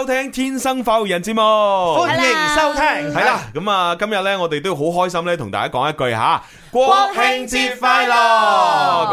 收聽天生發育人節目，歡迎收聽，係啦，咁啊，今日呢，我哋都好開心呢，同大家講一句吓。國慶節快樂！咁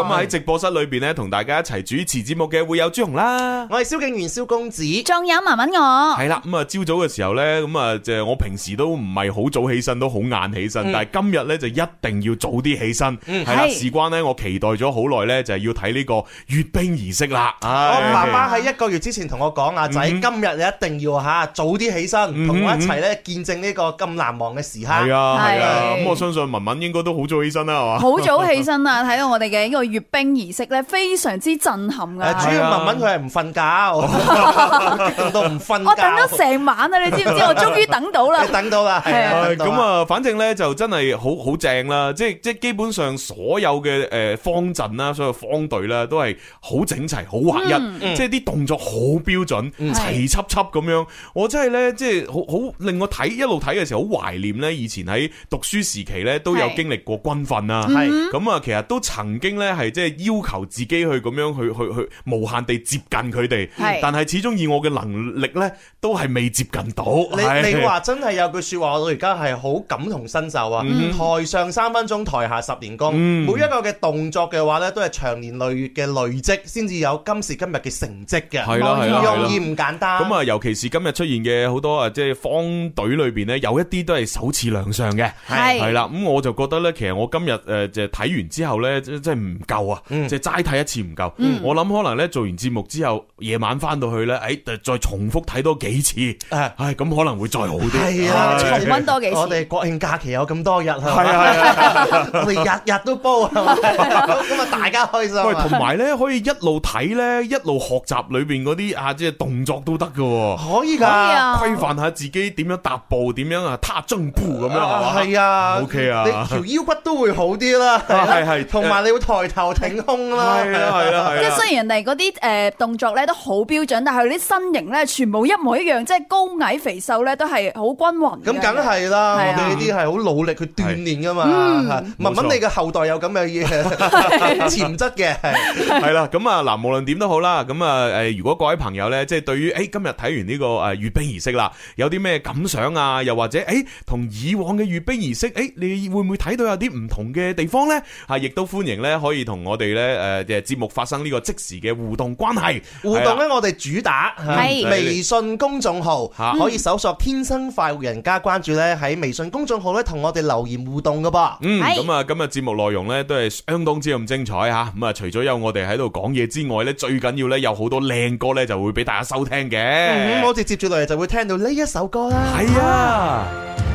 啊喺直播室裏邊咧，同大家一齊主持節目嘅會有朱紅啦，我係蕭敬元蕭公子，仲有文文我係啦。咁啊，朝早嘅時候咧，咁啊，就係我平時都唔係好早起身，都好晏起身，嗯，但係今日咧就一定要早啲起身，係，嗯、啊，事關咧我期待咗好耐咧，就係要睇呢個閱兵儀式啦，嗯。我爸爸喺一個月之前同我講啊，仔，嗯，今日你一定要吓早啲起身，同，嗯、我一齊咧見證呢個咁難忘嘅時刻。係啊係啊，咁，啊啊、我相信文文應該都好早起身。真啊，好早起身啊！睇 到我哋嘅呢個閱兵儀式咧，非常之震撼噶。 主要文文佢係唔瞓覺，等到唔瞓。我等咗成晚啊！ 你知唔知？我終於等到啦、 啊啊！等到啦，係啊！咁啊，反正咧就真係好好正啦！即即基本上所有嘅誒方陣啦，所有方隊啦，都係好整齊、好劃一，嗯、即啲動作好標準，嗯、齊輯輯咁樣。我真係咧，即好好令我睇一路睇嘅時候，好懷念咧以前喺讀書時期咧都有經歷過軍身份啊，係咁啊，其實都曾經咧，係即係要求自己去咁樣去去去無限地接近佢哋，但係始終以我嘅能力咧，都係未接近到。你你話真係有句說話，我到而家係好感同身受啊！嗯、台上三分鐘，台下十年功，嗯、每一個嘅動作嘅話咧，都係長年累月嘅累積，先至有今時今日嘅成績嘅，唔容易，唔簡單啊。咁啊，尤其是今日出現嘅好多啊，即係方隊裏邊咧，有一啲都係首次亮相嘅，係係啦。咁我就覺得咧，其實我。我今日誒就睇完之後咧，即係唔夠啊！嗯、即係齋睇一次唔夠，嗯，我諗可能咧做完節目之後，夜晚翻到去咧，誒再重複睇多幾次，誒、呃、咁可能會再好啲。係啊，重温多幾次。我哋國慶假期有咁多日，係啊，啊啊 我哋日日都煲，啊。咁 啊大家開心、啊。喂，同埋咧可以一路睇咧，一路學習裡邊嗰啲啊，即、就、係、是、動作都得噶。可以噶、啊，規範、啊、下自己點樣踏步，點、啊啊、樣啊踏進步咁樣係嘛？係啊，OK 啊，你條腰骨都會好啲啦，係係、啊，同埋、啊、你會抬頭挺胸啦，係啦係啦，即係、啊啊啊啊、雖然人哋嗰啲誒動作咧都好標準，但係佢啲身形咧全部一模一樣，即係高矮肥瘦咧都係好均勻。咁梗係啦，我哋呢啲係好努力去鍛煉噶嘛。問、嗯、問，啊嗯、問你嘅後代有咁嘅嘢潛質嘅，係、嗯、啦。咁啊嗱、啊啊，無論點都好啦。咁啊誒，如果各位朋友咧，即、就、係、是、對於誒、哎、今日睇完呢個誒閱兵儀式啦，有啲咩感想啊？又或者誒，同、哎、以往嘅閱兵儀式誒，你會唔會睇到有啲唔？唔同嘅地方呢，係亦都歡迎呢可以同我哋呢誒嘅節目發生呢個即時嘅互動關係。互動呢，我哋主打係微信公眾號，吓、啊、可以搜索“天生快活人家”，關注呢，喺微信公眾號呢同我哋留言互動噶噃。嗯，咁啊，今日節目內容呢都係相當之咁精彩吓。咁啊，除咗有我哋喺度講嘢之外呢，最緊要呢有好多靚歌呢就會俾大家收聽嘅、嗯。我哋接住落嚟就會聽到呢一首歌啦。係啊。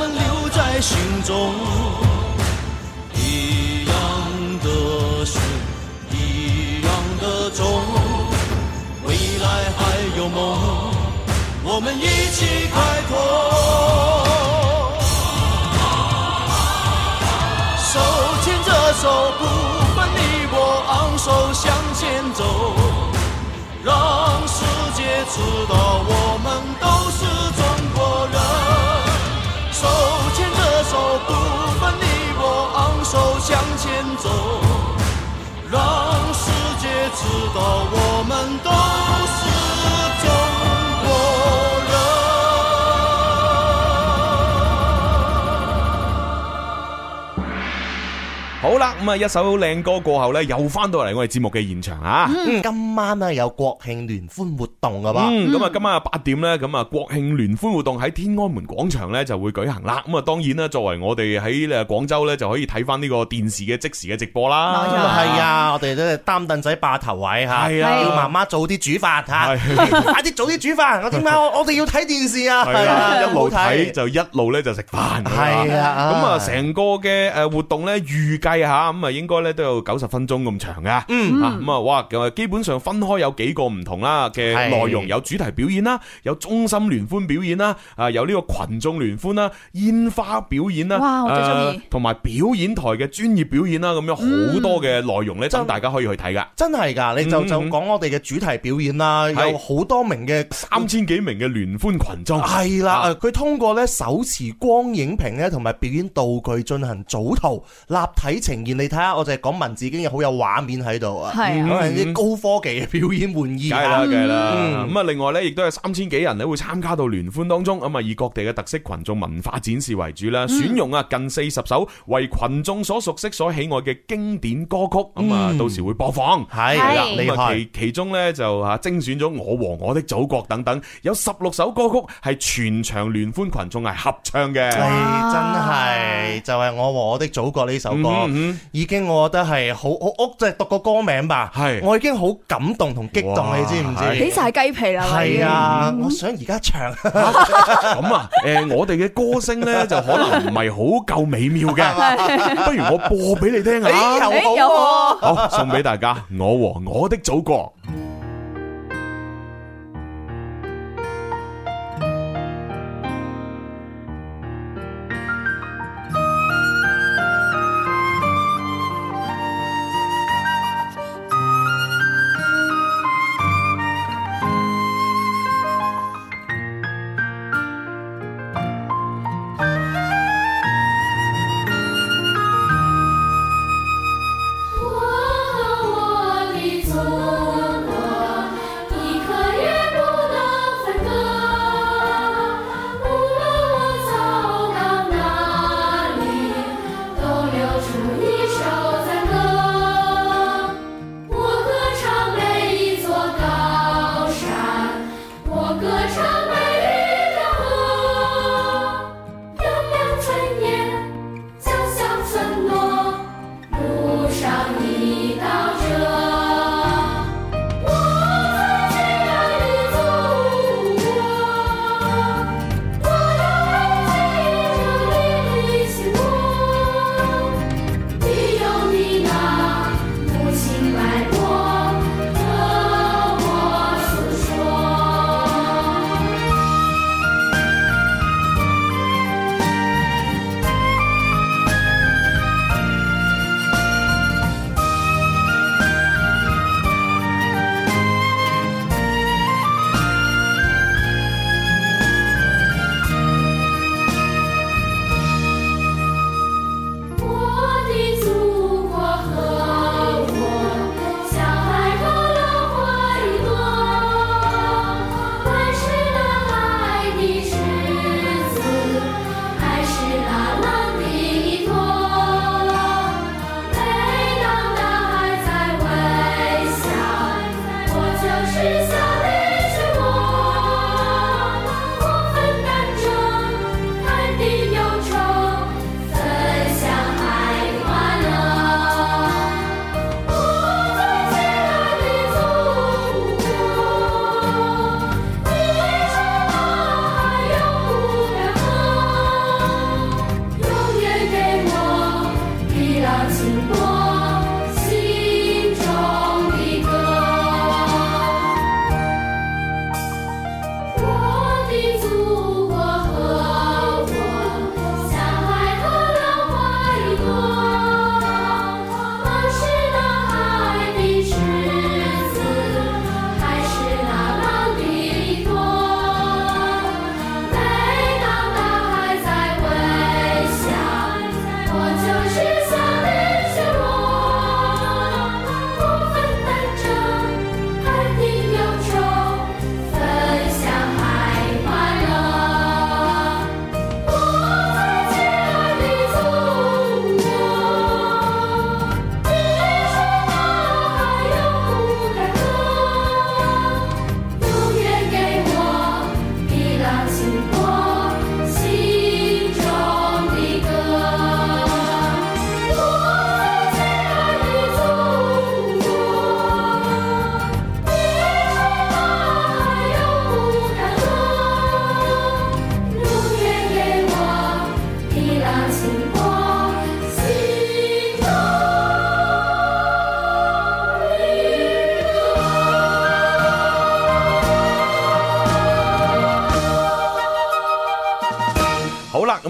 我們留在心中，一樣的血，一樣的種，未來還有夢，我們一起開拓。手牽着手，不分你我，昂首向前走，讓世界知道我們都是中。走，讓世界知道我們都。好啦咁啊，一首靚歌過後咧，又翻到嚟我哋節目嘅現場吓、嗯、今晚啊有國慶聯歡活動噶嘛？咁、嗯、啊，今晚啊八點咧，咁啊國慶聯歡活動喺天安門廣場咧就會舉行啦。咁啊，當然啦，作為我哋喺廣州咧，就可以睇翻呢個電視嘅即時嘅直播啦。係啊,啊,啊，我哋都係擔凳仔霸頭位吓，係啊，要媽媽早啲煮飯吓，快啲早啲煮飯，我點啊？點解 我哋要睇電視啊，係啊！一路睇就一路咧就食飯係啊！咁啊，成個嘅誒活動咧預計啊～吓咁啊，應該咧都有九十分鐘咁長噶，嗯啊咁啊，哇，咁啊，基本上分開有幾個唔同啦嘅內容，有主題表演啦，有中心聯歡表演啦，啊，有呢個群眾聯歡啦，煙花表演啦，哇，我最中意，同埋、呃、表演台嘅專業表演啦，咁樣好多嘅內容咧，真係大家可以去睇噶，真係噶，你就就講我哋嘅主題表演啦、嗯，有好多名嘅三千幾名嘅聯歡群眾，係啦，佢、啊、通過咧手持光影屏咧同埋表演道具進行組圖立體情。然你睇下，我就係講文字竟然好有畫面喺度啊！係、嗯、啊，啲、嗯、高科技嘅表演玩意。梗係啦，梗係啦。咁、嗯、啊、嗯嗯，另外咧，亦都有三千幾人咧會參加到聯歡當中。咁啊，以各地嘅特色群眾文化展示為主啦、嗯。選用啊近四十首為群眾所熟悉、所喜愛嘅經典歌曲。咁、嗯、啊、嗯，到時會播放。係，係啦，你其其中咧就啊，精選咗《我和我的祖國》等等，有十六首歌曲係全場聯歡群眾係合唱嘅。係、啊哎、真係就係、係《我和我的祖國》呢首歌。嗯已經我覺得係好我我即係讀個歌名吧，係是我已經好感動同激動，哇你知唔知？是起晒雞皮啦！係啊，嗯、我想而家唱咁 啊，誒、呃，我哋嘅歌聲咧就可能唔係好夠美妙嘅， 不如我播俾你聽吓。你又好送俾大家，我和我的祖國。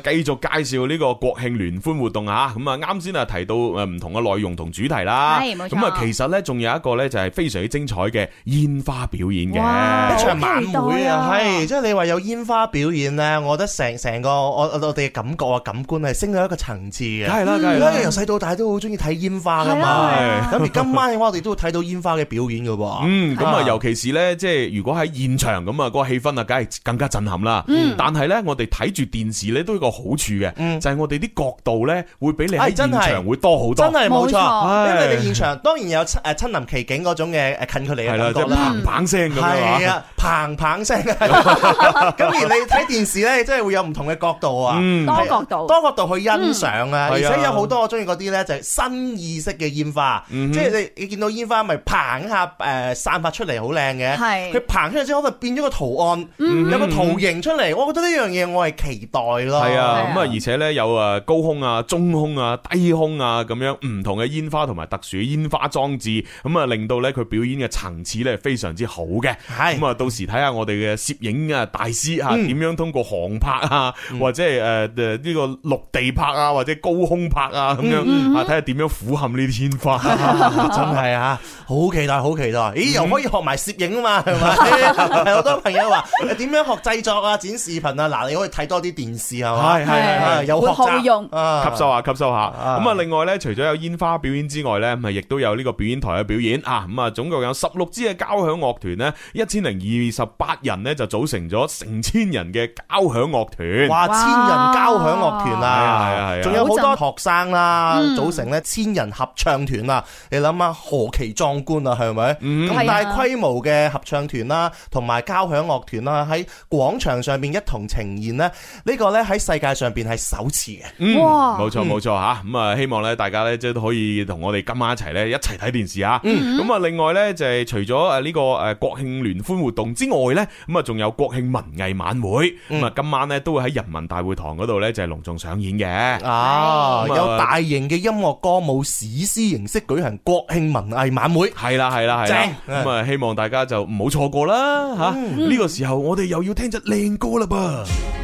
繼續介紹呢個國慶聯歡活動吓，咁啊啱先啊提到誒唔同嘅內容同主題啦，係冇錯。咁啊其實咧仲有一個咧就係非常之精彩嘅煙花表演嘅、啊、一場晚會啊，係即係你話有煙花表演咧，我覺得成成個我我哋嘅感覺啊感官係升到一個層次嘅。梗係啦，梗係由細到大都好中意睇煙花噶嘛，咁、啊、而今晚嘅話我哋都會睇到煙花嘅表演噶。嗯，咁啊，啊尤其是咧即係如果喺現場咁啊、個氣氛啊梗係更加震撼啦、嗯。但係咧我哋睇住電視咧都。個好處嘅、嗯，就係、是、我哋啲角度咧，會比你現場、哎、真會多好多。真係冇錯，因為你哋現場當然有親誒臨其境嗰種嘅近距離嘅感覺啦，嘭嘭聲咁樣。係、嗯、啊，嘭嘭聲。咁 而你睇電視咧，真係會有唔同嘅角度、嗯、啊，多角度，多角度去欣賞啊、嗯。而且有好多我中意嗰啲咧，就係新意式嘅煙花，即係你你見到煙花咪嘭下誒散發出嚟，好靚嘅。佢嘭出嚟之後，變咗個圖案，嗯、有個圖形出嚟。我覺得呢樣嘢我係期待咯。係啊，咁啊，而且咧有誒高空啊、中空啊、低空啊咁樣唔同嘅煙花同埋特殊嘅煙花裝置，咁啊令到咧佢表演嘅層次咧非常之好嘅。係咁啊，到時睇下我哋嘅攝影啊大師啊，點、嗯、樣通過航拍啊，嗯、或者係誒誒呢個陸地拍啊，或者高空拍啊咁樣、嗯、啊，睇下點樣俯瞰呢啲煙花、啊嗯，真係啊，好期待，好期待！咦、嗯，又、欸、可以學埋攝影啊嘛，係咪？係 好多朋友話點樣學製作啊、剪視頻啊，嗱，你可以睇多啲電視啊。是。係係係，有學用吸收下，吸收下。咁啊，另外咧，除咗有煙花表演之外咧，咪亦都有呢個表演台嘅表演啊。咁啊，總共有十六支嘅交響樂團呢，一千零二十八人咧就組成咗成千人嘅交響樂團。哇，千人交響樂團啦，係係係。仲有好多學生啦，組成咧千人合唱團啊、嗯，你諗下，何其壯觀啊，係咪？咁大規模嘅合唱團啦，同埋交響樂團啦，喺廣場上面一同呈現呢，呢、這個咧喺。世界上邊係首次嘅，嗯，嗯，冇錯冇錯吓，咁啊，希望咧大家咧即係都可以同我哋今晚一齊咧一齊睇電視啊，咁、嗯、啊、嗯，另外咧就係除咗誒呢個誒國慶聯歡活動之外咧，咁啊仲有國慶文藝晚會，咁、嗯、啊今晚咧都會喺人民大會堂嗰度咧就係隆重上演嘅。啊，嗯啊嗯，有大型嘅音樂歌舞史詩形式舉行國慶文藝晚會，係啦係啦係啦，咁啊，係啦，係啦，係啦，嗯、希望大家就唔好錯過啦吓，呢、啊嗯呢個時候我哋又要聽隻靚歌啦噃。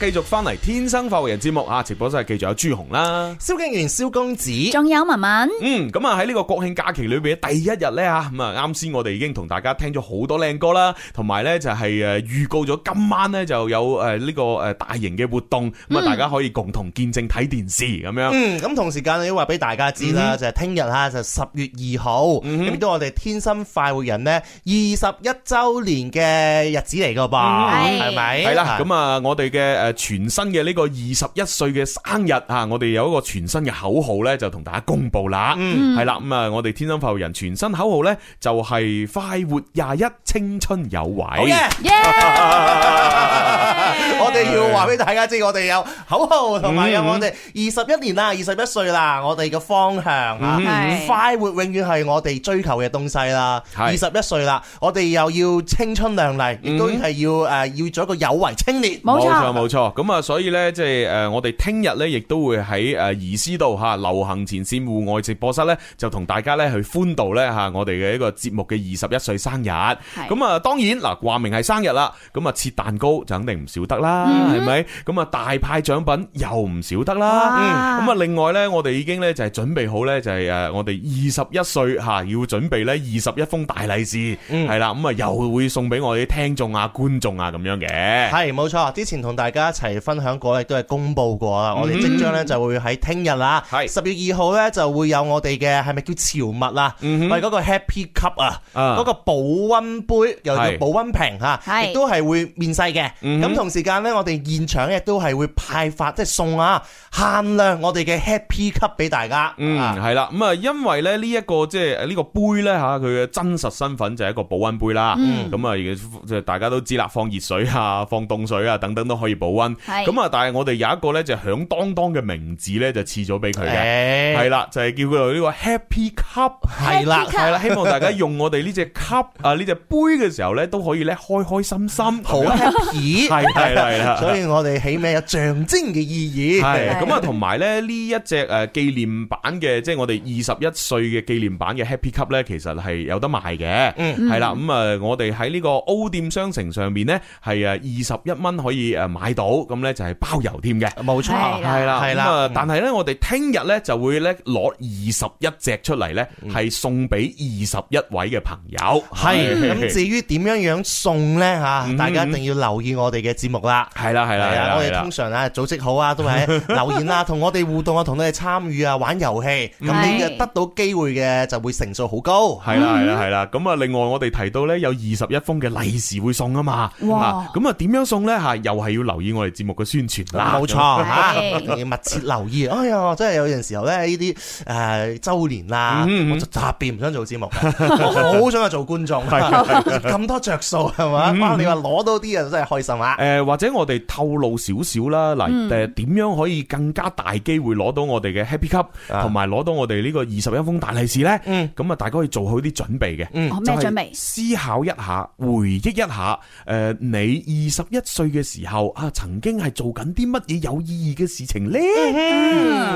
繼續翻嚟《天生快活人》節目啊！直播室係繼續有朱紅啦、蕭敬仁、蕭公子，仲有文文。嗯，咁啊喺呢個國慶假期裏邊，第一日咧啊，咁啊啱先我哋已經同大家聽咗好多靚歌啦，同埋咧就係誒預告咗今晚咧就有誒呢個誒大型嘅活動，咁啊大家可以共同見證睇、嗯、電視咁樣。嗯，咁同時間呢，都話俾大家知啦、嗯，就係、是、聽、就是、日吓就十月二號，咁、嗯、都我哋《天生快活人》咧二十一周年嘅日子嚟噶噃，係、嗯、咪？係啦，咁啊我哋嘅誒。全新嘅呢個二十一歲嘅生日啊！我哋有一個全新嘅口號呢，就同大家公布啦。係啦，咁啊，我哋天生發育人全新口號呢，就係、是、快活廿一，青春有為。Yeah. Yeah. yeah. yeah. 我哋要話俾大家知，我哋有口號同埋有我哋二十一年啦，二十一歲啦，我哋嘅方向啊，mm-hmm. 快活永遠係我哋追求嘅東西啦。二十一歲啦，我哋又要青春靚麗，mm-hmm. 亦都係要誒，要做一個有為青年。冇錯，冇錯。哦，咁啊，所以咧，即係誒，我哋聽日咧，亦都會喺誒怡思度吓流行前線戶外直播室咧，就同大家咧去歡度咧吓我哋嘅一個節目嘅二十一歲生日。咁啊，當然嗱，話明係生日啦，咁啊切蛋糕就肯定唔少得啦，係咪？咁啊，大派獎品又唔少得啦。咁啊，另外咧，我哋已經咧就係準備好咧，就係誒，我哋二十一歲吓要準備咧二十一封大利是係啦，咁啊又會送俾我哋聽眾啊觀眾啊咁樣嘅。係，冇錯，之前同大家。一齊分享過，亦都係公布過啦、嗯。我哋即將咧就會喺聽日啦，十月二號咧就會有我哋嘅係咪叫潮物啊？咪、嗯、嗰個 Happy Cup 啊、嗯，嗰、嗰個保温杯，又叫保温瓶吓，亦都係會面世嘅。咁、嗯、同時間咧，我哋現場亦都係會派發，嗯、即係送啊，限量我哋嘅 Happy Cup 俾大家。嗯，係啦、啊，咁啊，因為咧呢一個即係呢個杯咧吓，佢嘅真實身份就係一個保温杯啦。咁、嗯、啊，即係大家都知啦，放熱水啊，放凍水啊，等等都可以保。咁啊！但係我哋有一個咧，就響噹噹嘅名字咧，就賜咗俾佢嘅。係啦，就係叫佢呢個 Happy Cup，係啦係啦，希望大家用我哋呢隻 cup 啊，呢隻杯嘅時候咧，都可以咧開開心心，好 happy，係係啦，所以我哋起碼有象徵嘅意義。係咁啊，同埋咧呢一隻誒紀念版嘅，即係我哋二十一歲嘅紀念版嘅 Happy Cup 咧，其實係有得賣嘅，係啦，咁啊，我哋喺呢個 O 店商城上面咧係誒二十一蚊可以誒買到。好，咁咧就係包郵添嘅，冇錯，係啦係啦。咁啊，但係咧我哋聽日咧就會咧攞二十一隻出嚟咧，係送俾二十一位嘅朋友，係咁。至於點樣樣送咧吓，大家一定要留意我哋嘅節目啦，係啦係啦，我哋通常咧組織好啊，都係留言啊，同我哋互動啊，同你哋參與啊，玩遊戲，咁你嘅得到機會嘅就會成數好高，係啦係啦係啦。咁啊，另外我哋提到咧有二十一封嘅利是會送啊嘛，哇，咁啊點樣送咧吓，又係要留意。我哋節目嘅宣傳啦錯，冇 錯、啊，要密切留意。哎呀，真係有陣時候咧，呢啲誒周年啦、啊，mm-hmm. 我就特別唔想做節目，好 想去做觀眾。咁 多着數係嘛？Mm-hmm. 你話攞到啲就真係開心啊！誒、呃，或者我哋透露少少啦，嚟誒，點、mm-hmm. 樣可以更加大機會攞到我哋嘅 Happy Cup，同埋攞到我哋呢個二十一封大利是咧？咁啊，大家可以做好啲準備嘅。嗯，咩準備？思考一下，回憶一下。誒、呃，你二十一歲嘅時候啊？曾經係做緊啲乜嘢，有意義嘅事情呢？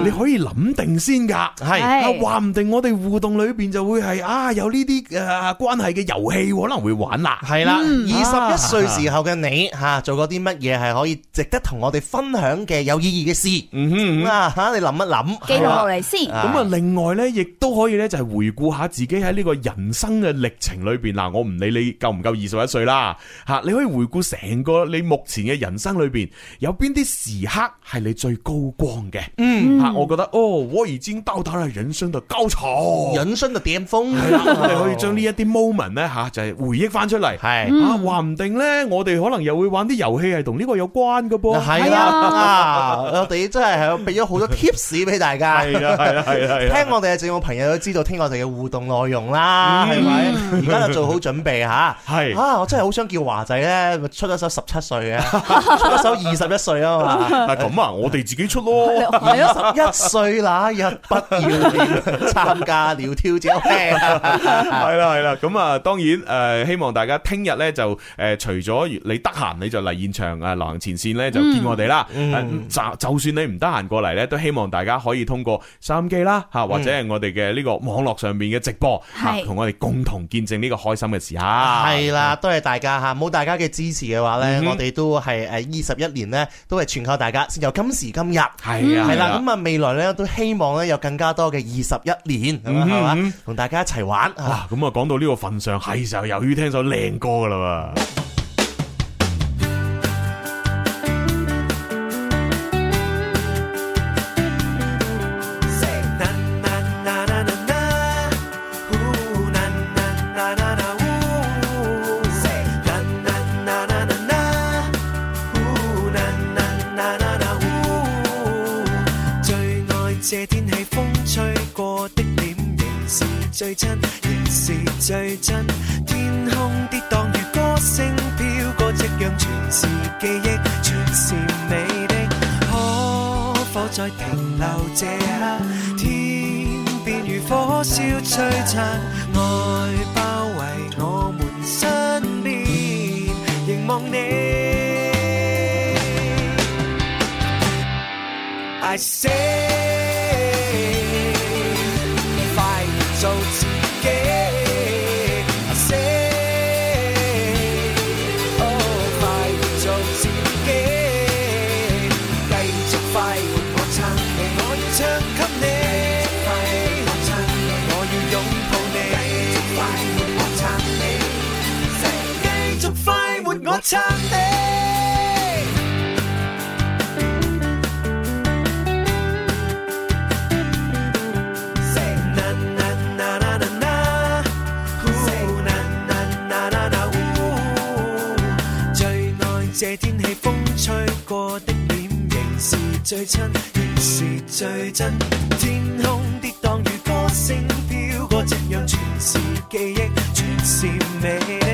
你可以諗定先噶，係話唔定我哋互動裏邊就會係啊有呢啲誒關係嘅遊戲可能會玩啦。係啦，二十一歲時候嘅你吓，做過啲乜嘢係可以值得同我哋分享嘅有意義嘅事？啊吓，你諗一諗，記錄落嚟先。咁啊，另外呢亦都可以呢就係回顧下自己喺呢個人生嘅歷程裏邊嗱，我唔理你夠唔夠二十一歲啦吓，你可以回顧成個你目前嘅人生裏。邊有邊啲時刻係你最高光嘅？嗯，吓、啊、我覺得哦，我已經到達咗人生嘅高潮，人生嘅巔峰，啊、我哋可以將呢一啲 moment 咧、啊、吓，就係、是、回憶翻出嚟。係、嗯、啊，話唔定咧，我哋可能又會玩啲遊戲係同呢個有關嘅噃。係啦、啊 啊，我哋真係係俾咗好多 tips 俾大家。係 啊，係啊，係啊，啊 聽我哋嘅節目朋友都知道，聽我哋嘅互動內容啦，係、嗯、咪？而家、嗯、就做好準備吓。係啊，啊，我真係好想叫華仔咧，出咗首十七歲嘅。 出 都二十一歲啊嘛，咁啊，我哋自己出咯。二十一歲那日不要臉參加了挑戰，OK，係啦係啦。咁 啊，當然誒，希望大家聽日咧就誒，除咗你得閒你就嚟現場啊，流行前線咧就見我哋啦。就、嗯嗯、就算你唔得閒過嚟咧，都希望大家可以通過收音機啦，吓或者係我哋嘅呢個網絡上面嘅直播吓，同、嗯、我哋共同見證呢個開心嘅事啊！係啦，多謝大家吓，冇大家嘅支持嘅話咧、嗯，我哋都係誒二十一年呢都係全靠大家，先有今時今日，係啊的，係啦、嗯。咁啊，未來呢都希望呢有更加多嘅二十一年，係嘛、嗯嗯，同大家一齊玩、嗯、的啊。咁啊，講到呢個份上，係時候又要聽首靚歌噶啦。最真仍是最真，天空跌宕如歌聲飄過，夕陽全是記憶，全是美麗。可否再停留這刻？天邊如火燒璀璨，愛包圍我們身邊，凝望你。I say。唱美。最愛這天氣，風吹過的臉，仍是最親，仍是最真。天空跌宕如歌聲飄過，夕陽全是記憶，全是美。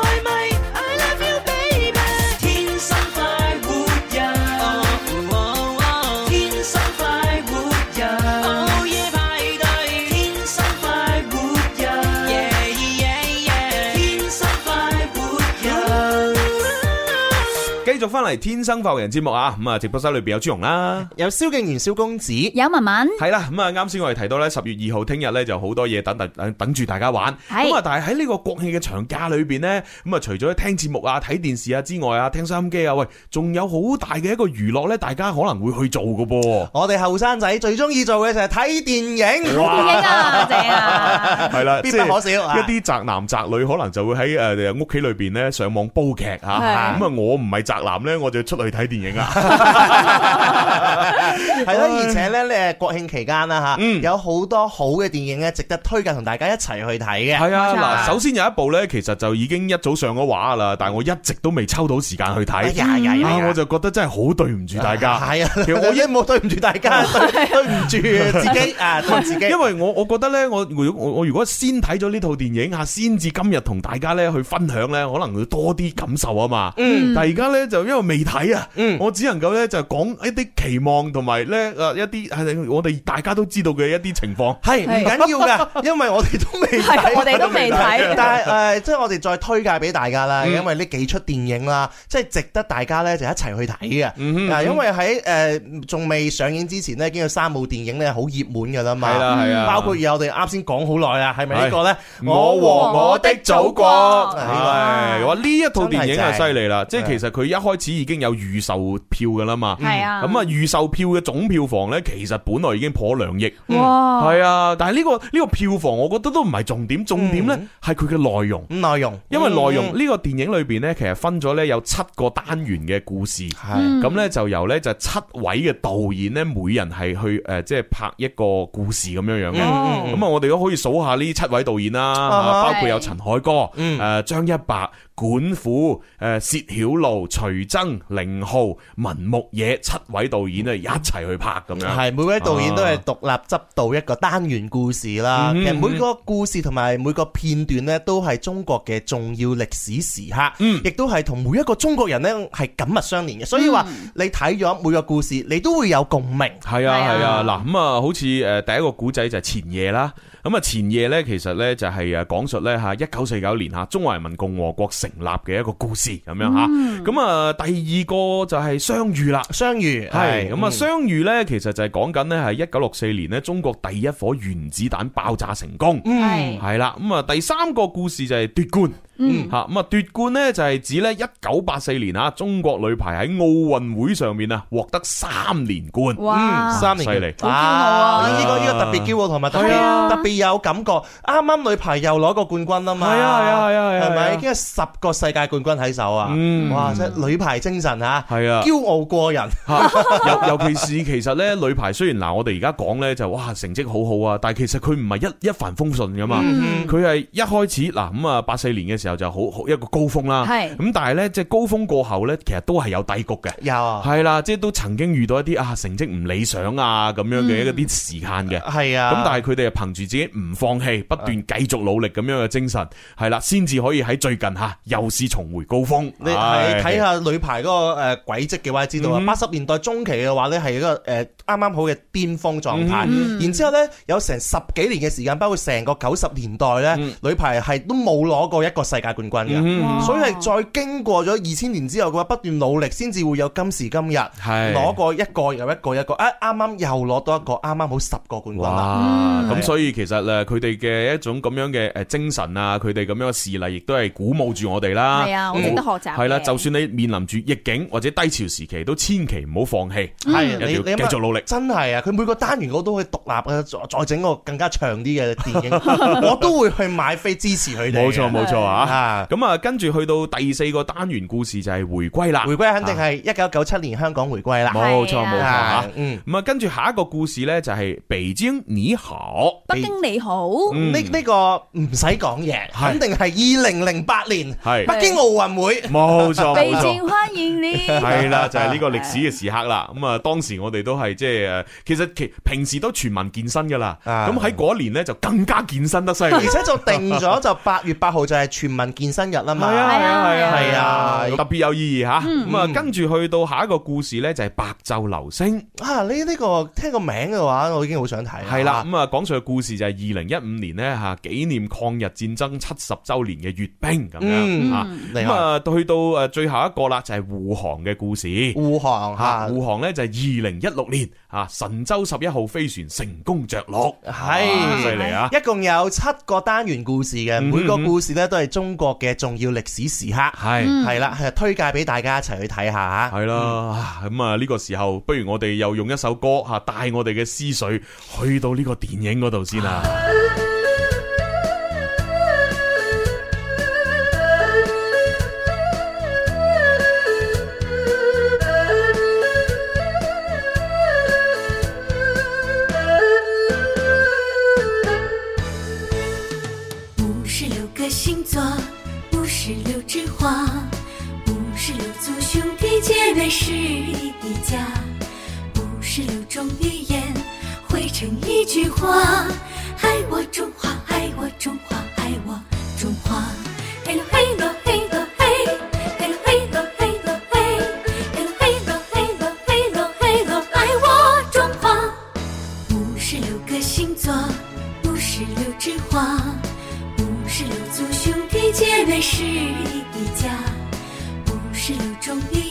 天生發人節目啊，咁啊直播室裏邊有朱紅啦， 有蕭敬堯、蕭公子、有文文，係啦，咁啊啱先我哋提到咧十月二號聽日咧就好多嘢等大誒等住大家玩，咁啊但係喺呢個國慶嘅長假裏邊呢，咁啊除咗聽節目啊、睇電視啊之外啊、聽收音機啊，喂，仲有好大嘅一個娛樂咧，大家可能會去做噶噃。我哋後生仔最中意做嘅就係睇電影，係啦、啊啊，必不可少。就是、一啲宅男宅女可能就會喺誒屋企裏邊咧上網煲劇啊，咁啊我唔係宅男咧。我就出去睇電影啊，係咯，而且咧，咧國慶期間啦吓，有好多好嘅電影咧，值得推介同大家一齊去睇嘅。係啊，嗱，首先有一部咧，其實就已經一早上咗畫啦，但係我一直都未抽到時間去睇，我就覺得真係好對唔住大家。係啊，其實我已經冇對唔住大家，對唔住自己啊，對自己。因為我我覺得咧，我我我如果先睇咗呢套電影吓，先至今日同大家咧去分享咧，可能會多啲感受啊嘛。嗯，但係而家咧就因為。未睇啊！我只能夠咧就講一啲期望同埋咧誒一啲係我哋大家都知道嘅一啲情況係唔緊要嘅，因為我哋都未睇，我哋都未睇。但係誒，即係我哋再推介俾大家啦，因為呢幾出電影啦，即係值得大家咧就一齊去睇嘅。嗱，嗯，因為喺誒仲未上映之前呢，已經有三部電影咧好熱門噶啦嘛，係啊，係啊。包括我哋啱先講好耐啊，係咪呢個咧？我和我的祖國，哇呢一套電影係犀利啦！即係其實佢一開始。已經有預售票㗎啦嘛，係啊，咁啊預售票嘅總票房呢，其實本來已經破兩億，哇，係啊，但係呢個呢個票房，我覺得都唔係重點，重點呢係佢嘅內容，內容，因為內容呢個電影裏邊呢，其實分咗呢有七個單元嘅故事，係，咁呢就由呢，就七位嘅導演呢，每人係去誒即係拍一個故事咁樣樣嘅，咁啊我哋都可以數下呢七位導演啦，包括有陳凱歌，誒張一白。管虎、誒薛曉路、徐崢、寧浩、文牧野七位導演咧一齊去拍咁樣，係每位導演都係獨立執導一個單元故事啦、啊。其實每個故事同埋每個片段呢，都係中國嘅重要歷史時刻，嗯、亦都係同每一個中國人呢係緊密相連嘅、嗯。所以話你睇咗每個故事，你都會有共鳴。係啊係啊，嗱咁啊，啊嗯、好似誒第一個古仔就係前夜啦。咁啊，前夜呢，其實呢就係誒講述呢，吓一九四九年吓中華人民共和國成立嘅一個故事咁樣吓。咁啊，第二個就係相遇啦，相遇係咁啊，嗯、相遇呢，其實就係講緊呢，係一九六四年中國第一顆原子彈爆炸成功、嗯對，係係啦。咁啊，第三個故事就係奪冠。嗯，吓咁啊！奪冠咧就係指咧一九八四年啊中國女排喺奧運會上面啊，獲得三連冠哇。哇！三年犀利、這個、啊，呢個呢個特別驕傲同埋特別特別有感覺。啱啱、啊、女排又攞個冠軍啦嘛，係啊係啊係啊，係咪、啊啊啊啊？已經有十個世界冠軍喺手啊、嗯！哇！即係女排精神吓，係啊，驕傲過人。尤、啊、尤其是其實咧，女排雖然嗱，我哋而家講咧就哇成績好好啊，但係其實佢唔係一一帆風順噶嘛。佢、嗯、係一開始嗱咁啊八四年嘅時候。就好、是、好一個高峰啦，咁但係咧即係高峰過後咧，其實都係有低谷嘅，有啊，係啦，即係都曾經遇到一啲啊成績唔理想啊咁樣嘅一啲時間嘅，係、嗯、啊，咁但係佢哋啊憑住自己唔放棄，不斷繼續努力咁樣嘅精神，係啦，先至可以喺最近吓又是重回高峰。你睇、哎、下女排嗰個誒軌跡嘅話，知道啊，八、嗯、十年代中期嘅話咧係一個誒啱啱好嘅巔峰狀態、嗯，然之後咧有成十幾年嘅時間，包括成個九十年代咧，女、嗯、排係都冇攞過一個世。屆冠軍嘅、嗯，所以係再經過咗二千年之後嘅話，不斷努力，先至會有今時今日，係攞過一個又一個一個，誒，啱啱又攞到一個，啱啱好十個冠軍啦。咁所以其實誒，佢哋嘅一種咁樣嘅誒精神啊，佢哋咁樣嘅事例，亦都係鼓舞住我哋啦。係、嗯、啊，值得學習。係、嗯、啦，就算你面臨住逆境或者低潮時期，都千祈唔好放棄，係、嗯、一繼續努力。真係啊，佢每個單元我都可以獨立嘅，再再整個更加長啲嘅電影， 我都會去買飛支持佢哋。冇錯，冇錯啊！啊、嗯、咁、嗯、啊,跟住去到第四個單元故事就係回歸啦。回歸肯定係一九九七年香港回歸啦，冇錯、啊，冇錯吓。嗯，咁啊，跟住下一個故事咧就係北京你好。北京你好，呢、嗯、呢、嗯這個唔使講嘢，肯定係二零零八年，係北京奧運會。冇錯，冇錯。北京歡迎你，係啦， 就係、是、呢個歷史嘅時刻啦。咁啊，當時我哋都係即係其實其平時都全民健身噶啦。咁喺嗰一年咧就更加健身得犀利，而且就定咗就八月八號就係。全。 全民健身日啊嘛，係啊係啊係啊，啊，啊，特別有意義吓。咁、嗯、啊，跟、嗯、住去到下一個故事咧，就係白晝流星啊！呢呢、這個聽個名嘅話，我已經好想睇啦。係啦，咁啊，講述嘅故事就係二零一五年咧吓，紀念抗日戰爭七十周年嘅閱兵咁、嗯、樣吓。咁、嗯、啊、嗯，去到誒最後一個啦，就係護航嘅故事。護航吓，護、啊、航咧就係二零一六年。啊！神舟十一號飛船成功着陸，係犀利啊！一共有七個單元故事嘅，每個故事咧都係中國嘅重要歷史時刻，係係啦，係、嗯、推介俾大家一齊去睇下吓，係啦，咁、嗯、啊呢、呢個時候，不如我哋又用一首歌吓帶我哋嘅思緒去到呢個電影嗰度先啦、啊啊愛是一家，五十六種語言匯成一句話，愛我中華，愛我中華，愛我中華，嘿嘍嘿嘍嘿嘍嘿，嘿嘍嘿嘍嘿嘍嘿，嘿嘍嘿嘍嘿嘍嘿嘍嘿嘍，愛我中華，五十六個星座，五十六枝花，五十六族兄弟姐妹是一家，五十六種語言。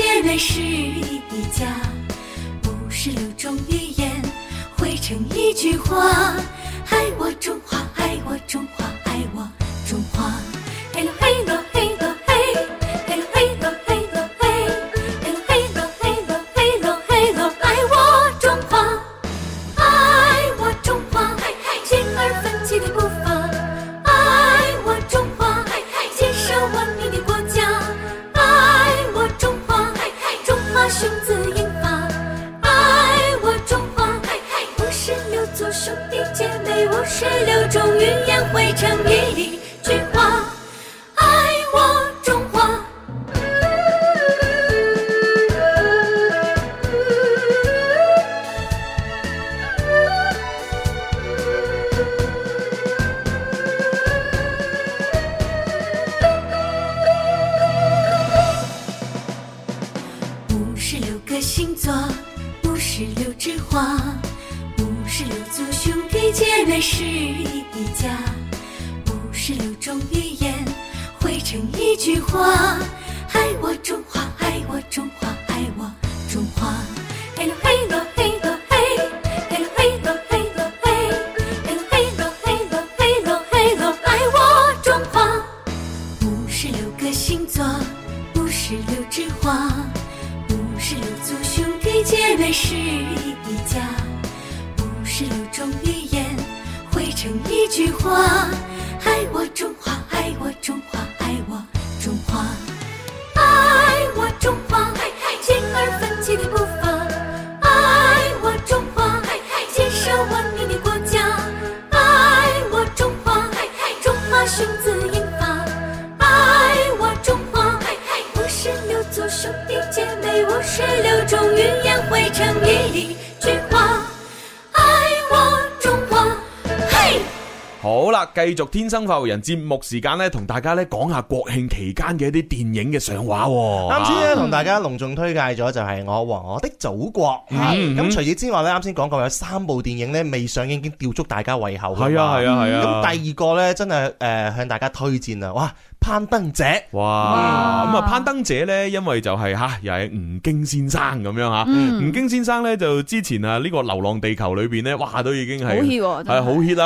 姐妹是一家，五十六種語言匯成一句話，愛我中華，愛我中華。繼續天生發育人節目時間咧，同大家咧講下國慶期間嘅一啲電影嘅上畫。啱先咧同大家隆重推介咗，就係《我和我的祖國》嗯嗯嗯。咁、啊、除此之外呢，啱先講過有三部電影呢未上映，已經吊足大家胃口。係啊係啊係啊！咁、啊啊嗯、第二個呢，真係誒、呃、向大家推薦啊！哇！攀登者，哇，攀登者呢，因為就係，呃，又係吳京先生咁樣，吳京先生呢，就之前，呃，這個流浪地球裏面，呃，都已經係，呃，好 hit，呃，好 hit。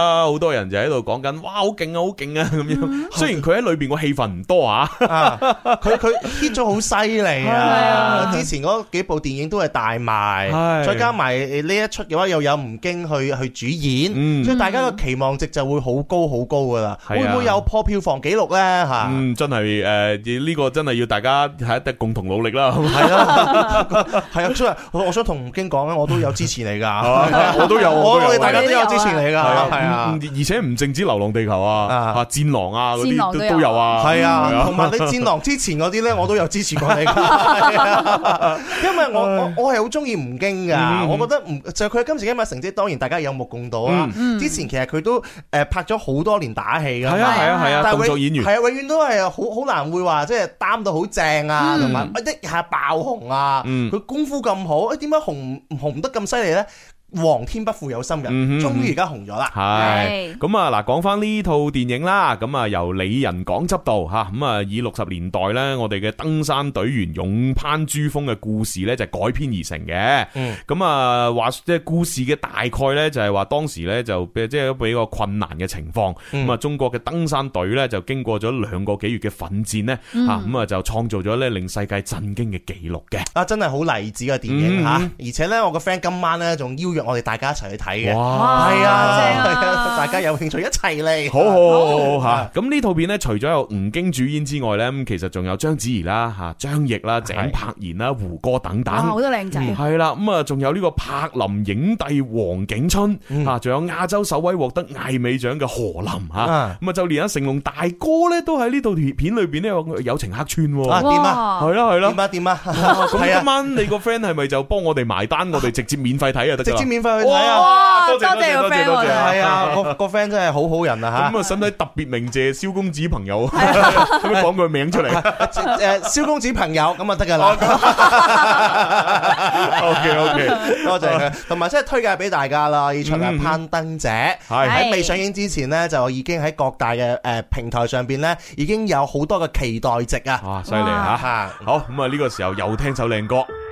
嗯，真係誒，呢、呃這個真係要大家喺一啲共同努力啦。係啦，係啊，所 以、啊、我，我想同吳京講咧，我都有支持你噶、啊， 我都有，我哋大家都有支持你噶。係啊，啊，啊、嗯，而且唔淨止《流浪地球啊》啊，狼啊狼啊《啊那些戰狼》啊嗰啲都有啊。係啊，同埋、啊、你戰狼》之前嗰啲咧， 我都有支持過你噶、啊。因為我 我係好中意吳京噶、嗯，我覺得唔就佢今時今日成績，當然大家有目共睹啊！嗯嗯、之前其實佢都誒拍咗好多年打戲噶，係啊係啊係啊，啊，啊，動作演員係啊，永遠。都係好好難會話，即係擔到好正啊，同、嗯、埋一下爆紅啊！佢、嗯、功夫咁好，誒，點解紅紅得咁犀利呢？皇天不負有心人，終於而家紅咗啦。係、mm-hmm. 咁啊！嗱，講翻呢套電影啦。咁啊，由李仁港執導吓。咁啊以六十年代咧，我哋嘅登山隊員勇攀珠峰嘅故事咧，就改編而成嘅。咁、mm-hmm. 啊話即係故事嘅大概咧，就係話當時咧就即係比較困難嘅情況。咁啊，中國嘅登山隊咧就經過咗兩個幾月嘅奮戰咧，嚇、mm-hmm. 咁啊、嗯、就創造咗咧令世界震驚嘅紀錄嘅。啊，真係好勵志嘅電影嚇，mm-hmm. 而且咧我個 friend 今晚咧仲邀約。我哋大家一齊去睇嘅，係啊，啊，啊，啊，大家有興趣一齊嚟，好好好吓。咁呢套片咧，除咗有吳京主演之外咧，其實仲有章子怡啦、吓張譯啦、井、啊、柏然啦、胡歌等等，好多靚仔。係啦，咁、嗯、啊，仲有呢個柏林影帝王景春啊仲、嗯、有亞洲首位獲得艾美獎嘅何林吓，咁、嗯、啊，啊就連阿成龍大哥咧，都喺呢套片裏邊呢，有友情客串。啊係啦係啦，點啊點啊？咁今晚你個 friend 係咪就幫我哋埋單？我哋直接免費睇啊得免費去睇啊！哇，多謝多謝多謝，係啊，啊啊啊那個個 friend 真係好好人啊吓。咁啊，真係特別鳴謝蕭公子朋友，可唔可以講個名出嚟？誒、 啊，蕭、 啊、公子朋友咁啊，得噶啦。OK OK，多謝，同埋即係推介俾大家啦。《以尋啊攀登者》嗯，係喺未上映之前呢，就已經喺各大嘅誒、呃、平台上邊呢，已經有好多嘅期待值啊！哇，犀利吓。好咁啊，呢個時候又聽首靚歌。嗯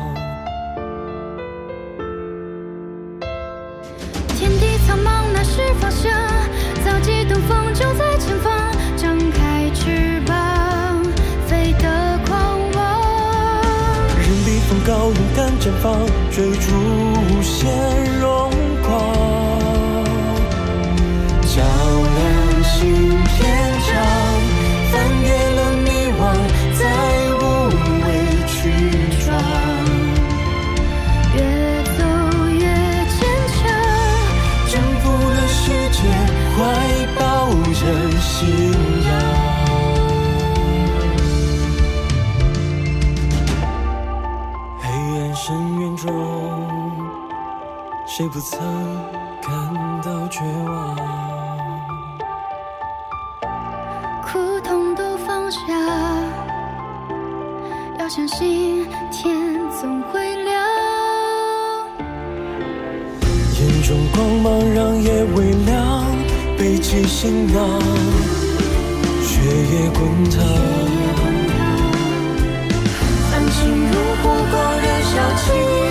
追逐無限榮光。不曾感到絕望，苦痛都放下，要相信天總會亮。眼中光芒讓夜微亮，背起行囊，血液滾燙，安靜如火光燃燒起。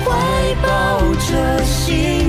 抱着心。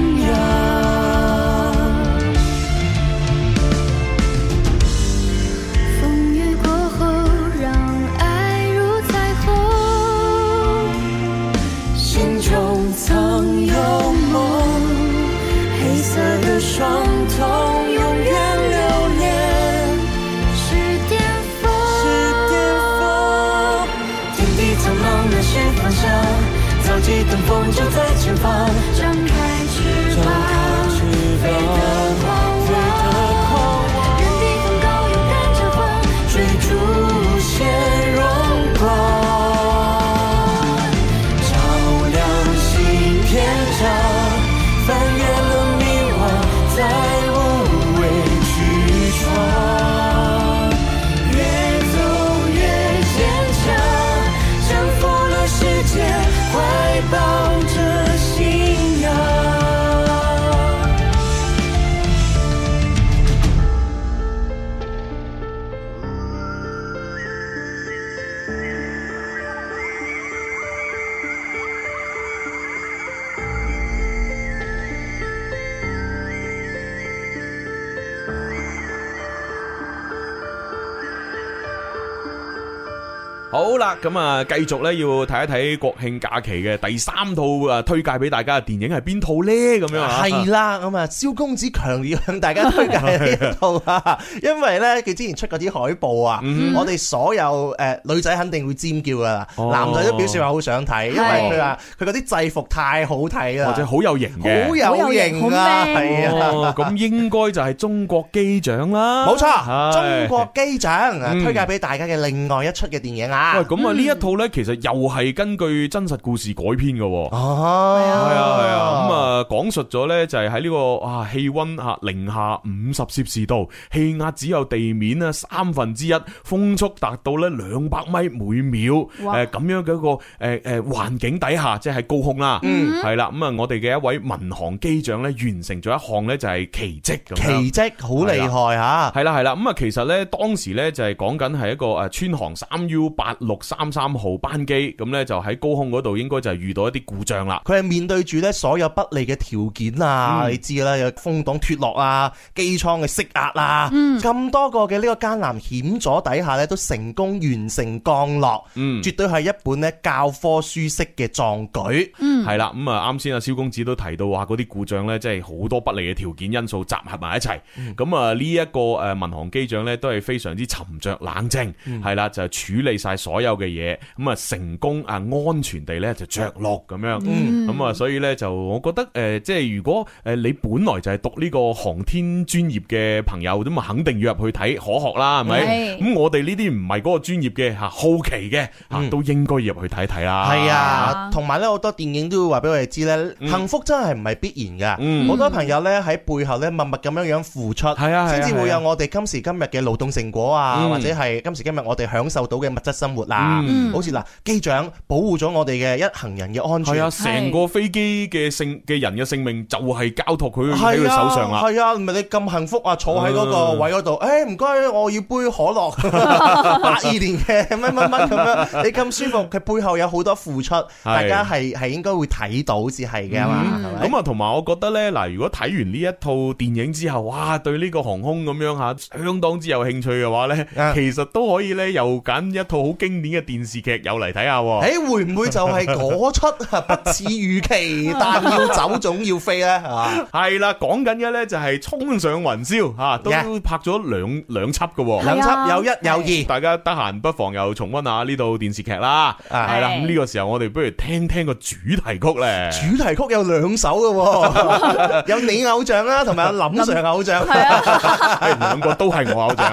咁啊，繼續咧要睇一睇國慶假期嘅第三套啊，推介俾大家嘅電影係邊套咧？咁樣係啦，咁啊，蕭公子強烈向大家推介呢一套啊，因為咧佢之前出嗰啲海報啊，我哋所有誒女仔肯定會尖叫噶啦，男仔都表示話好想睇，因為佢話佢嗰啲制服太好睇啦，或者好有型嘅，好有型啊，係啊，咁應該就係中國機長啦，冇錯，中國機長推介俾大家嘅另外一出嘅電影啊，咁。咁啊呢一套呢其實又係根據真實故事改編嘅，係啊係啊。咁啊講述咗呢就係喺呢個啊氣温啊零下五十攝氏度，氣壓只有地面啊三分之一，風速達到呢兩百米每秒，誒咁樣嘅一個誒誒環境底下，即係高空啦，係啦。咁啊我哋嘅一位民航機長呢完成咗一項呢就係奇迹，咁奇迹好厲害吓，係啦係啦。咁啊其實呢當時呢就係講緊係一個誒川航三 U 八六。三三號班機咁呢，就喺高空嗰度，應該就係遇到一啲故障啦。佢係面對住呢所有不利嘅條件啊，嗯、你知啦，有風擋脫落啊，機艙嘅釋壓啊，咁、嗯、多個嘅呢個艱難險阻底下呢，都成功完成降落。絕、嗯、絕對係一本呢教科書式嘅壯舉。係係啦，咁啊，啱先阿蕭公子都提到話，嗰啲故障呢，即係好多不利嘅條件因素集合埋一齊。咁、嗯、啊，呢一個誒民航機長呢，都係非常之沉着冷靜。係、嗯、啦，就處理晒所有嘅嘢咁啊，成功啊，安全地咧就着落咁樣，咁啊，所以咧就我覺得誒，即係如果誒你本來就係讀呢個航天專業嘅朋友，咁啊肯定要入去睇可學啦，係咪？咁我哋呢啲唔係嗰個專業嘅吓好奇嘅吓、嗯、都應該入去睇睇啦。係啊，同埋咧好多電影都會話俾我哋知咧，嗯、幸福真係唔係必然噶。好、嗯、多朋友咧喺背後咧默默咁樣樣付出，係啊，先至會有我哋今時今日嘅勞動成果啊，嗯、或者係今時今日我哋享受到嘅物質生活啦。嗯，好似嗱，機長保護咗我哋嘅一行人嘅安全，係啊，成個飛機嘅性嘅人嘅性命就係交託佢喺佢手上啊，係啊，唔係你咁幸福啊，坐喺嗰個位嗰度，誒、嗯，唔、哎、該，我要杯可樂，八 二年嘅，乜乜乜咁樣，你咁舒服，佢背後有好多付出，大家係係應該會睇到是的，好似係嘅嘛，係咪？咁啊，同埋我覺得咧，嗱，如果睇完呢一套電影之後，哇，對呢個航空咁樣吓，相當之有興趣嘅話咧、嗯，其實都可以咧，又揀一套好經典嘅電視劇又嚟睇下，誒，會唔會就係嗰出不似預期，但要走總要飛呢？係嘛，係啦，講緊嘅呢就係衝上雲霄，吓都拍咗兩兩輯噶，兩輯有一有二，大家得閒不妨又重温下呢套電視劇啦。係啦，咁呢個時候我哋不如聽聽個主題曲呢。主題曲有兩首噶，有你偶像啦，同埋林 Sir 偶像，係啊，兩個都係我偶像。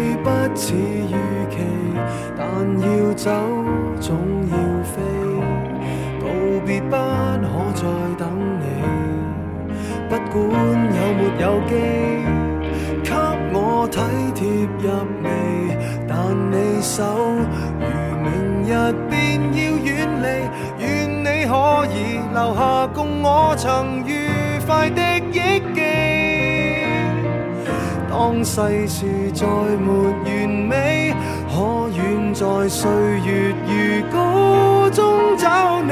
不似預期，但要走總要飛，道別不可再等你。不管有沒有機，給我體貼入微，但你手如明日便要遠離，願你可以留下共我曾愉快的憶記。當世事再沒完美，可遠在歲月如歌中找你。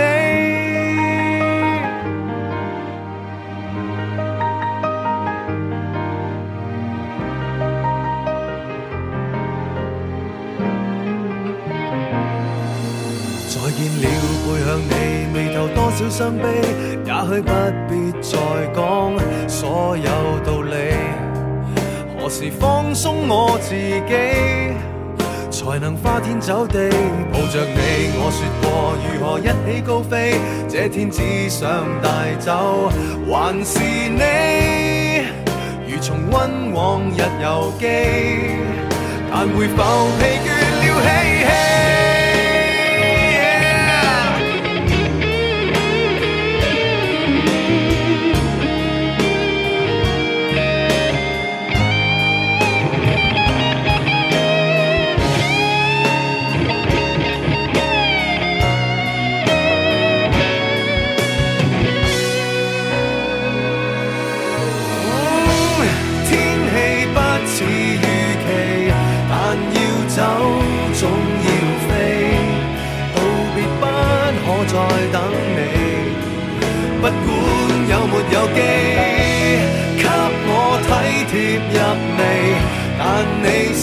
再見了，背向你，眉頭多少傷悲，也許不必再講所有道理。是時放鬆我自己，才能花天酒地抱着你？我說過如何一起高飛，這天只想帶走還是你？如重溫往日遊記，但會否疲倦了嬉戲，戲？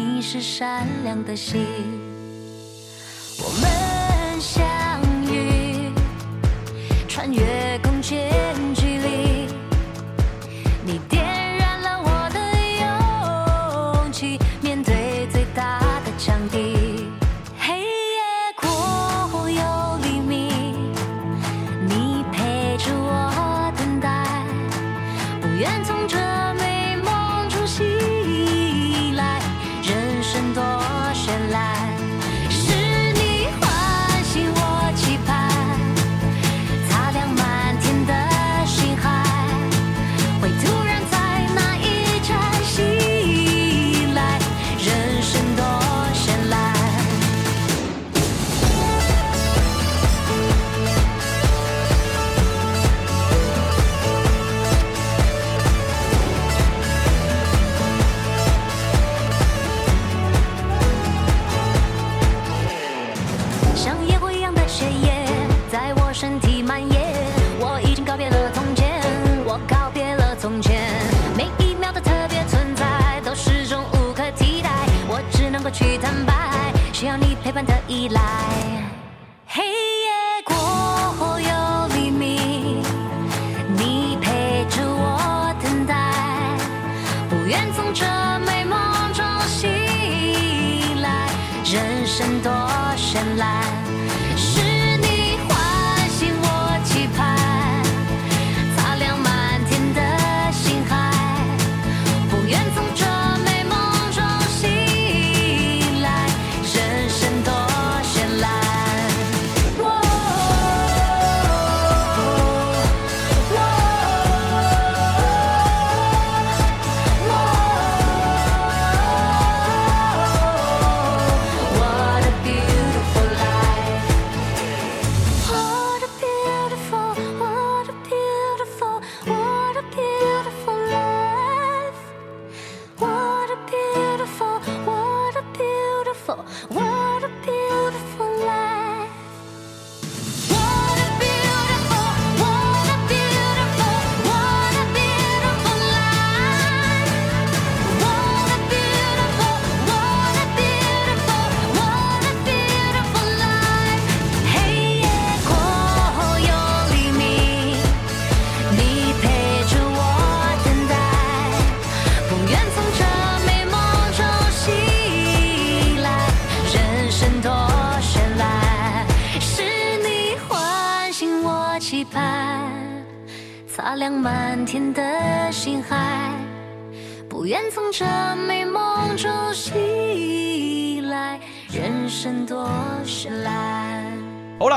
你是善良的心，我們。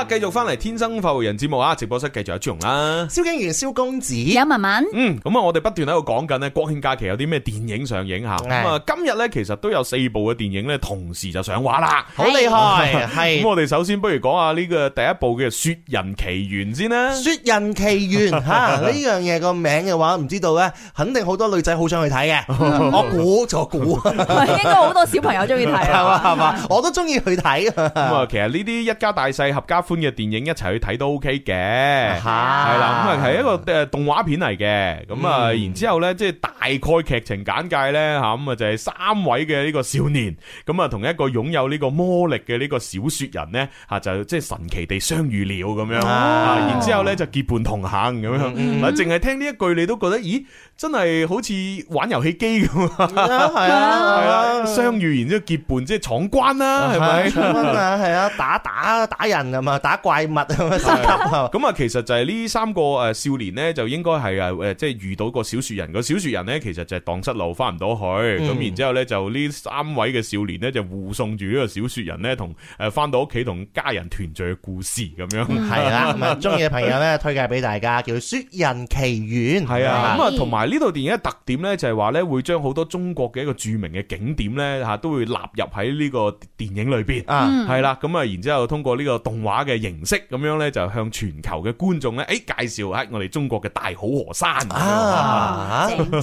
繼續翻嚟《天生快活人》節目啊！直播室繼續有朱融啦，蕭敬堯、蕭公子、有文雯，嗯，咁、嗯、啊，我哋不斷喺度講緊呢國慶假期有啲咩電影上映吓？咁啊、嗯嗯，今日咧其實都有四部嘅電影咧，同時就上畫啦，好厲害係。咁、hey. okay, okay, okay. okay. 嗯、我哋首先不如講下呢個第一部嘅《雪人奇緣》先啦，《雪人奇緣》吓呢樣嘢個名嘅話，唔知道咧，肯定好多女仔好想去睇嘅。 我估就估， 應該好多小朋友中意睇係嘛係嘛，我都中意去睇。咁 啊、嗯，其實呢啲一家大細合家嘅電影一齊去睇都 OK 嘅，係啦，咁啊係一個誒動畫片嚟嘅。咁啊，然之後咧即係大概劇情簡介咧吓，咁啊就係三位嘅呢個少年，咁啊同一個擁有呢個魔力嘅呢個小雪人咧吓就即係神奇地相遇了咁樣，然之後咧就結伴同行咁樣，淨係聽呢一句你都覺得咦，真係好似玩遊戲機咁。啊，係啊係啊，相遇然之後結伴即係闖關啦，係咪啊係啊，啊啊啊打，啊、打打打人啊嘛～打怪物啊嘛，十級啊！咁啊，其實就係呢三個誒少年呢，就應該係誒，即係遇到個小雪人。個小雪人呢，其實就係蕩失路，翻唔到去。咁、嗯、然之後咧，就呢三位嘅少年呢，就護送住呢個小雪人呢，同誒翻到屋企，同家人團聚嘅故事咁、嗯、樣。係啦，咁啊，中意嘅朋友咧，推介俾大家叫《雪人奇緣》。係啊，咁啊，同埋呢套電影嘅特點咧，就係話咧會將好多中國嘅一個著名嘅景點咧吓，都會納入喺呢個電影裏邊啊。係啦，咁啊，然之後通過呢個動畫嘅。形式咁樣咧，就向全球嘅觀眾咧，誒介紹下我哋中國嘅大好河山啊！啊，呢個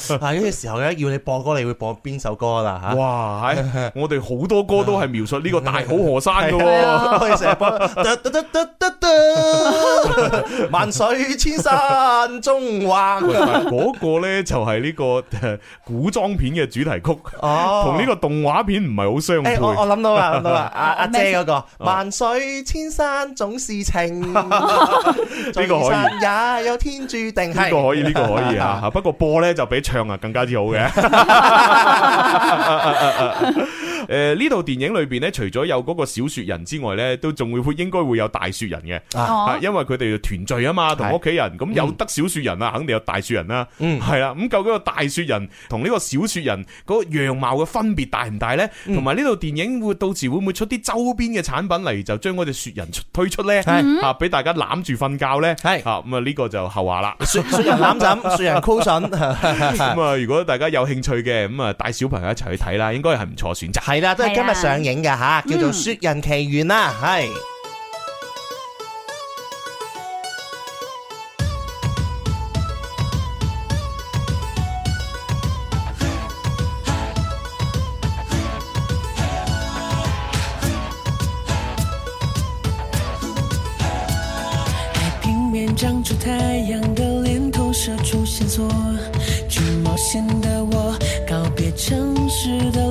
時候咧，要你播歌，你會播邊首歌啦？吓哇！我哋好多歌都係描述呢個大好河山嘅。可以成日播。 萬水千山中，話嗰 個咧就係呢個古裝片嘅主題曲，同呢、哦、個動畫片唔係好相配。欸、我諗到啦，諗到啦，阿阿、 啊、姐嗰、那個萬水千山總是情，呢 個可以，也有天注定，呢個可以，呢、這個可以啊。 不過播咧就比唱啊更加之好嘅。 誒、呃，呢套電影裏邊咧，除咗有嗰個小雪人之外咧，都仲會會應該會有大雪人嘅，啊，因為佢哋團聚啊嘛，同屋企人，咁有得小雪人啊、嗯、肯定有大雪人啦、啊嗯，嗯，係、嗯、啦，咁究竟個大雪人同呢個小雪人個樣貌嘅分別大唔大咧？同埋呢套電影會到時會唔會出啲周邊嘅產品嚟就將嗰隻雪人推出咧、嗯啊，啊，俾大家攬住瞓覺咧，係啊，咁啊呢個就後話啦，雪人攬枕，雪人 cushion，咁啊如果大家有興趣嘅，咁啊帶小朋友一齊去睇啦，應該係唔錯選擇。係啦，都係今日上映嘅吓，嗯，叫做《雪人奇緣》啦，係。海平面長出太陽的臉，投射出線索。去冒險的我，告別城市的。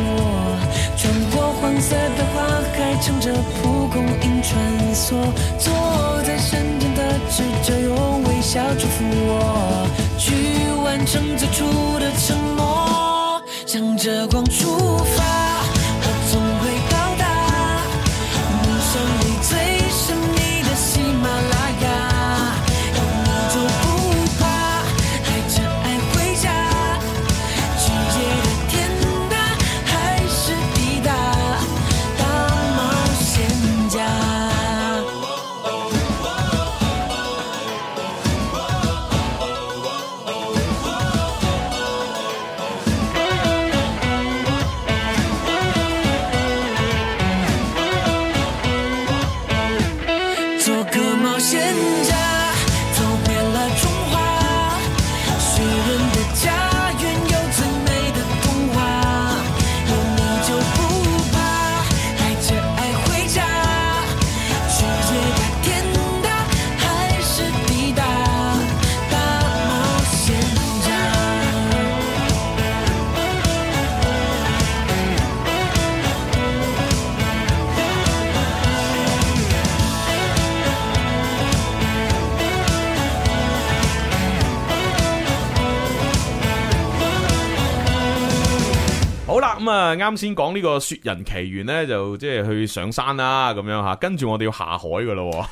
啱先講呢個《雪人奇緣》呢，就即係去上山啦，咁樣吓，跟住我哋要下海噶咯。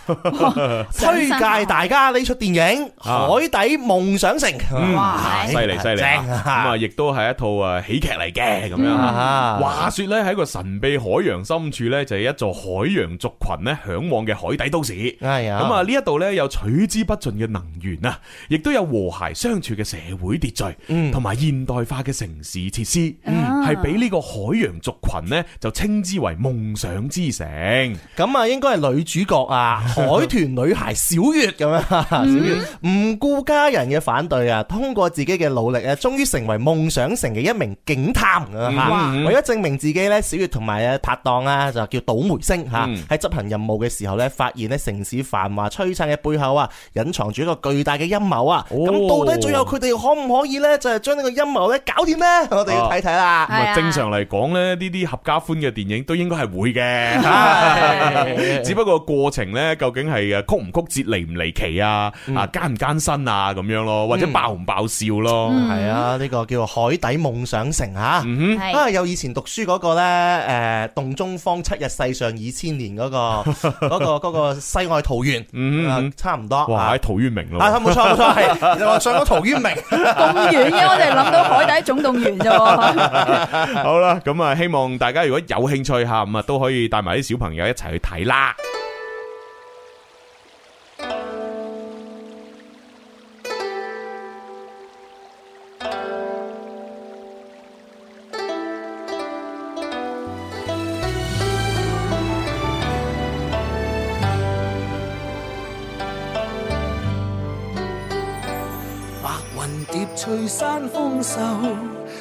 推介大家呢出電影《啊、海底夢想城》嗯，哇，犀利犀利，咁、欸、啊，亦都係一套誒喜劇嚟嘅，咁樣、嗯啊。話說呢喺，個神秘海洋深處呢就係一座海洋族群呢，向往嘅海底都市。啊，咁啊呢一度呢，有取之不盡嘅能源啊，亦都有和諧相處嘅社會秩序，同、嗯、埋現代化嘅城市設施，係係俾呢個海。海洋族群呢，就稱之為夢想之城，咁啊應該係女主角啊，海 豚女孩小月咁樣，小月唔顧、mm-hmm. 家人嘅反對啊，通過自己嘅努力啊，終於成為夢想城嘅一名警探。為咗證明自己呢，小月同埋拍檔啊就叫倒霉星吓，喺執行任務嘅時候呢，發現呢城市繁華璀璨嘅背後啊，隱藏住一個巨大嘅陰謀啊。咁、oh. 到底最後佢哋可唔可以呢？就係將呢個陰謀呢搞掂呢？我哋要睇睇啦。正常嚟講。講咧呢啲合家歡嘅電影都應該係會嘅， 只不過過程咧究竟係誒曲唔曲折離唔離奇啊、嗯、艱唔艱辛啊艱唔艱辛啊咁樣咯，或者爆唔爆笑咯、嗯，係、嗯嗯、啊、呢、這個叫《海底夢想城》吓、啊、嗯、啊有以前讀書嗰、那個咧誒洞中方七日，世上二千年嗰、那個嗰、 那個、那個世外桃源、嗯啊，差唔多哇喺陶淵明咯、啊，冇錯冇錯，你話上咗陶淵明咁遠、啊，我哋諗到《海底總動員》啫，好啦。咁啊，希望大家如果有興趣下午啊都可以帶埋啲小朋友一齊去睇啦。白雲疊翠山豐秀。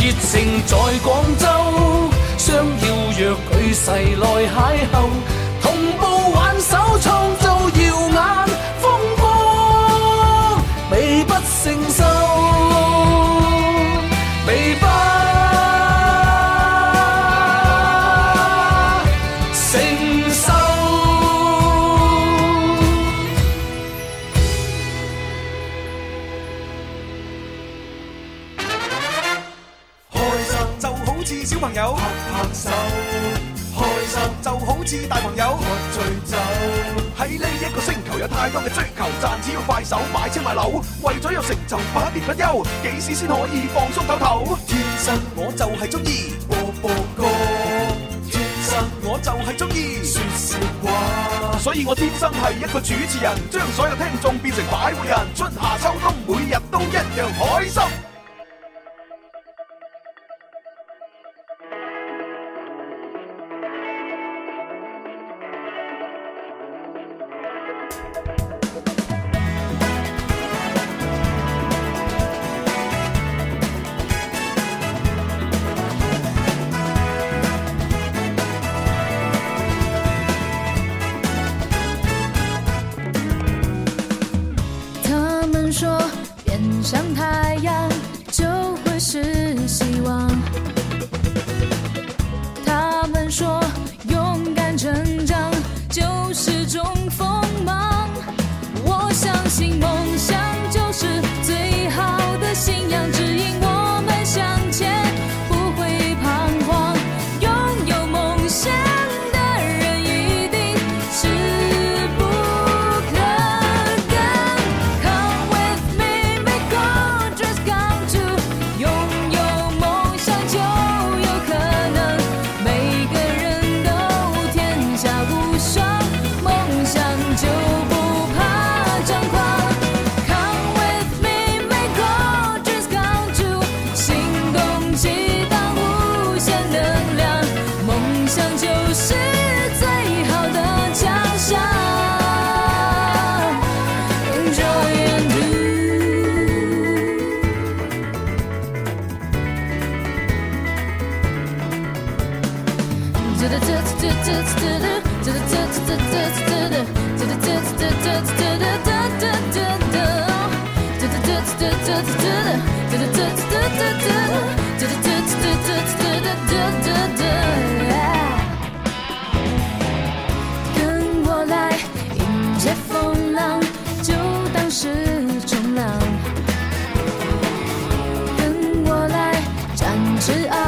熱情在廣州，相邀約舉世來邂逅，同步挽手創。好似小朋友拍拍手開心，就好似大朋友喝醉酒。喺呢一個星球有太多嘅追求，賺錢要快手買車買樓，為咗有成就百年不休，幾時先可以放鬆唞唞？天生我就係中意播播歌，天生我就係中意說說話。所以我天生係一個主持人，將所有聽眾變成擺會人，春夏秋冬每日都一樣開心。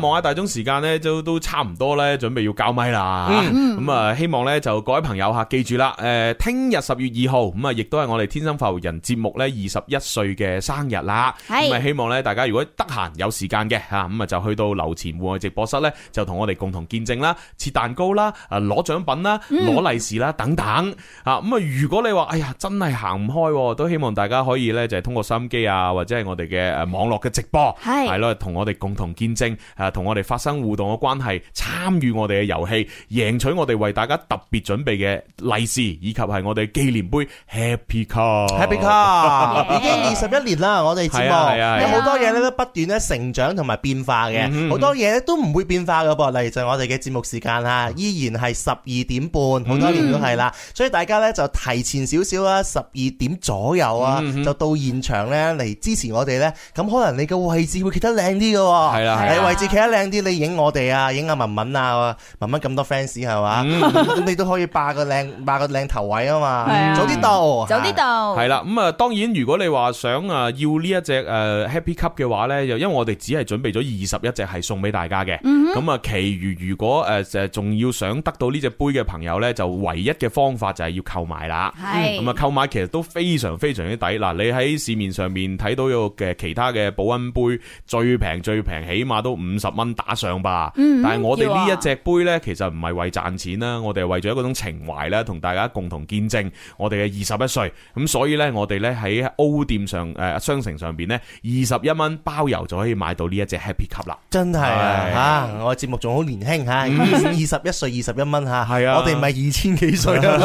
望下大鐘時間咧，都都差唔多咧，準備要交咪啦。咁啊，希望咧就各位朋友吓，記住啦。誒，聽日十月二號，咁啊，亦都係我哋天生育人節目咧二十一歲嘅生日啦。咁啊，希望咧大家如果得閒有時間嘅吓，咁啊就去到樓前戶外直播室咧，就同我哋共同見證啦，切蛋糕啦，誒，攞獎品啦，攞利是啦，等等。咁啊，如果你話哎呀，真係行唔開，都希望大家可以咧就係通過收音機啊，或者係我哋嘅誒網絡嘅直播，係咯，同我哋共同見證。同我哋發生互動嘅關係，參與我哋嘅遊戲，贏取我哋為大家特別準備嘅利是，以及係我哋紀念杯 Happy Cup。Happy Cup 已經二十一年啦，我哋節目、啊啊啊、有好多嘢咧，不斷咧成長同埋變化嘅，好、啊、多嘢都唔會變化嘅噃。例如就係我哋嘅節目時間啊，依然係十二點半，好多年都係啦、嗯。所以大家咧就提前少少啦，十二點左右啊，就到現場咧嚟支持我哋咧。咁可能你嘅位置會企得靚啲嘅，係啦、啊，啊、位置。企得靚啲，你影我哋啊，影阿文文啊，文文咁多 fans 係嘛？咁、嗯、 你都可以霸個靚霸個靚頭位啊嘛，嗯、早啲到，嗯、早啲到，係啦，咁、嗯、啊，當然如果你話想啊要呢一隻誒、呃、Happy Cup 嘅話呢，又因為我哋只係準備咗二十一隻係送俾大家嘅，咁、嗯、啊，其餘如果誒仲、呃、要想得到呢隻杯嘅朋友呢，就唯一嘅方法就係要購買啦，係，咁啊購買其實都非常非常之抵，嗱，你喺市面上面睇到有嘅其他嘅保溫杯最平最平，起碼都五十蚊打上吧，但係我哋呢一隻杯呢，其實唔係為賺錢啦，我哋係為咗嗰種情懷啦，同大家共同見證我哋嘅二十一歲。咁所以呢，我哋呢喺 O 店上誒商城上邊呢，二十一蚊包郵就可以買到呢一隻 Happy Cup 啦。真係啊，哎、啊！我嘅節目仲好年輕吓，二十一歲二十一蚊吓，係 啊，我哋唔係二千幾歲啦，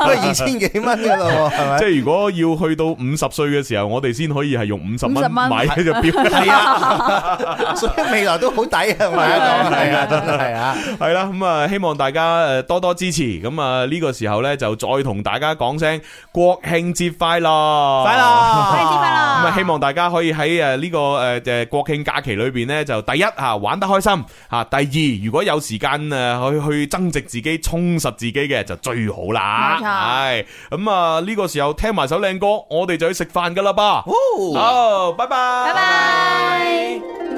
二千幾蚊噶啦，係咪？即係如果要去到五十歲嘅時候，我哋先可以係用五十蚊買隻錶嘅，啊、 所以未來都～好抵係咪啊？係啊，都係啊，係啦。咁啊，希望大家誒多多支持。咁啊，呢個時候咧就再同大家講聲國慶節快樂，快樂，國慶節快樂。咁啊，希望大家可以喺誒呢個誒誒國慶假期裏邊咧，就第一吓玩得開心吓，第二如果有時間啊去去增值自己、充實自己嘅就最好啦。冇錯，係咁啊。呢個時候聽埋首靚歌，我哋就去食飯噶啦吧。好，拜拜，拜拜。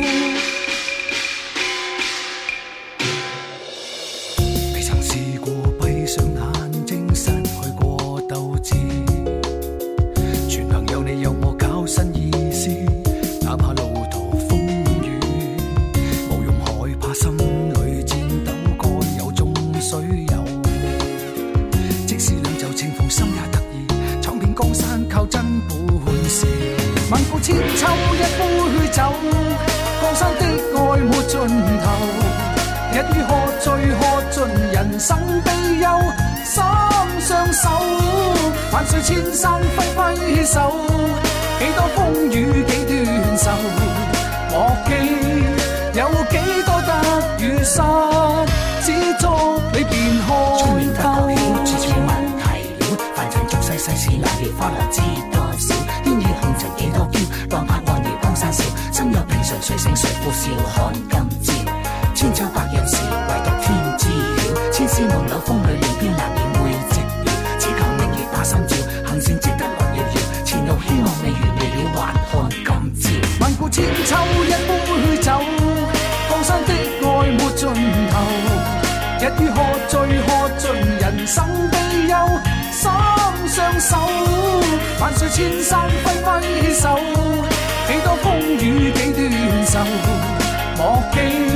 生悲憂，心相守，萬水千山揮揮手，幾多風雨幾段愁，莫記有幾多得與失，只祝你健康。春眠不覺曉，處處聞啼鳥，凡塵俗世世事難料，花落知多少？煙雨紅塵幾多嬌，浪拍岸遙江山笑，深入平常水性誰不笑看？千山揮揮手，幾多風雨幾段愁，莫記。